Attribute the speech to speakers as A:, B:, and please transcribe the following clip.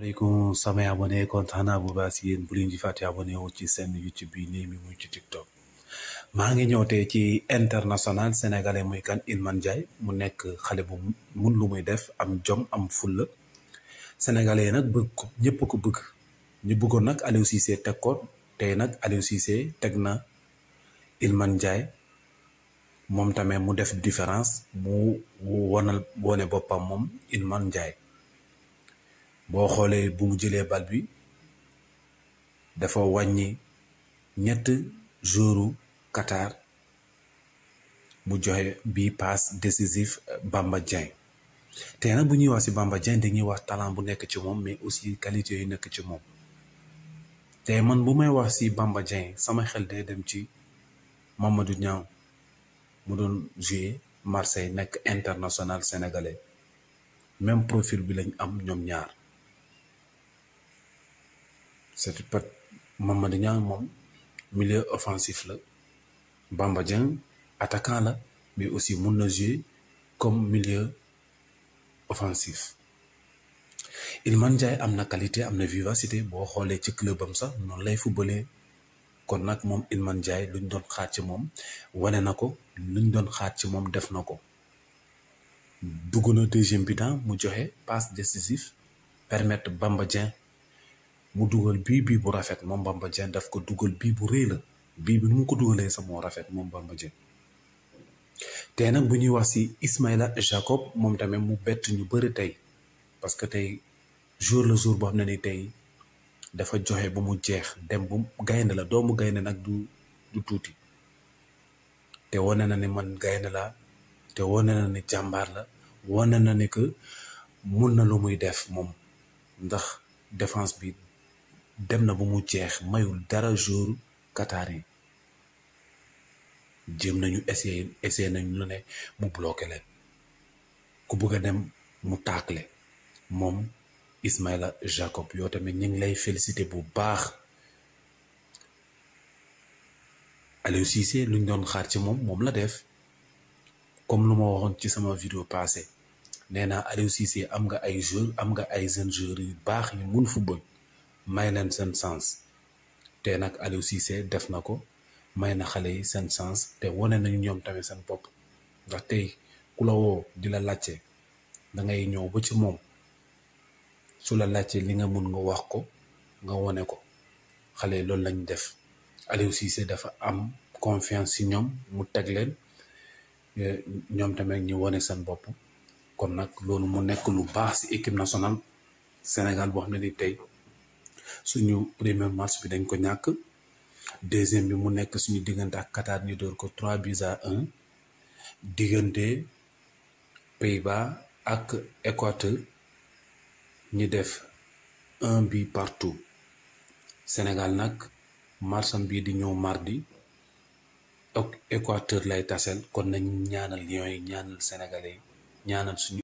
A: maaleykum samay abonné kontaan naa bu baax si yéen bu leen di fàtte abonné ci seen YouTube mi muy ci TikTok maa ngi ñëw tey ci international sénégalais muy kan Iliman Ndiaye mu nekk xale bu mun lu muy def am jom am fulla sénégalais yi nag bëgg ko ñëpp ko bëgg ñu bëggoon nag Aliou teg ko tey nag Aliou Cissé teg na Iliman Ndiaye moom tamit mu def différence mu wonal wone boppam moom Iliman Ndiaye boo xoolee bu jëlee bal bi dafa wàññi ñett jouru Qatar mu joxe bi passe décisif Bamba Dieng te nag bu ñuy wax ci Bamba Dieng dañuy wax talent bu nekk ci moom mais aussi qualité yu nekk ci moom te man bu may wax ci Bamba Dieng sama xel day dem ci Mamadou Niang mu doon jouer Marseille nekk international sénégalais même profil bi lañ am ñoom ñaar c'est peut Mamadou milieu offensif là, Bamba Dieng attaquant mais aussi mon comme milieu offensif Il Ndiaye amna qualité amna vivacité bo xolé ci club lay kon il luñ doon ci nako luñ doon deuxième bi mu passe décisif permettre Bamba Dieng mu dugal bii bii bu rafet moom Bamba jeen daf ko dugal bii bu rëy la bii bi mu ko dugalee sa moo rafet moom Bamba jeen tey nag bu ñuy wax si Ismaïla Jacob moom tamit mu bett ñu bëri tey parce que tey jour le jour boo xam ne ni tey dafa joxe ba mu jeex dem bu gaynde la doomu gaynde nag du du tuuti te wane na ne man gaynde la te wane na ne jàmbaar la wane na ne que mun na lu muy def moom ndax défense bi dem na ba mu jeex mayul dara jour Qatar yi jëm nañu essayé essayé nañu lu ne mu bloqué leen ku bëgg dem mu taakle moom Ismaïla Jacob yoo tamit ñu ngi lay félicité bu baax Aliou Cissé luñ doon xaar ci moom moom la def comme lu ma waxoon ci sama vidéo passé nee naa Aliou am nga ay joueurs am nga ay jeunes joueurs yu baax yu mun fuba may leen seen sens te nag Aliou Cissé def na ko may na xale yi seen sens te wane nañu ñoom tamit seen bopp ndax tey ku la woo di la laajte da ngay ñëw ba ci moom su la laajtee li nga mun nga wax ko nga wane ko xale yi loolu lañ def Aliou Cissé dafa am confiance ci ñoom mu teg leen ñoom tamit ñu wane seen bopp kon nag loolu mu nekk lu baax ci équipe nationale Sénégal boo xam ne ni tey suñu premier match bi dañ ko ñàkk deuxième bi mu nekk suñu diggante ak Qatar ñu door ko trois buts à un diggante pays ak Équateur ñu def un but partout Sénégal nag marsam bii di ñëw mardi ok Équateur lay tasel kon nañ ñaanal Lions yi ñaanal Sénégalais ñaanal suñu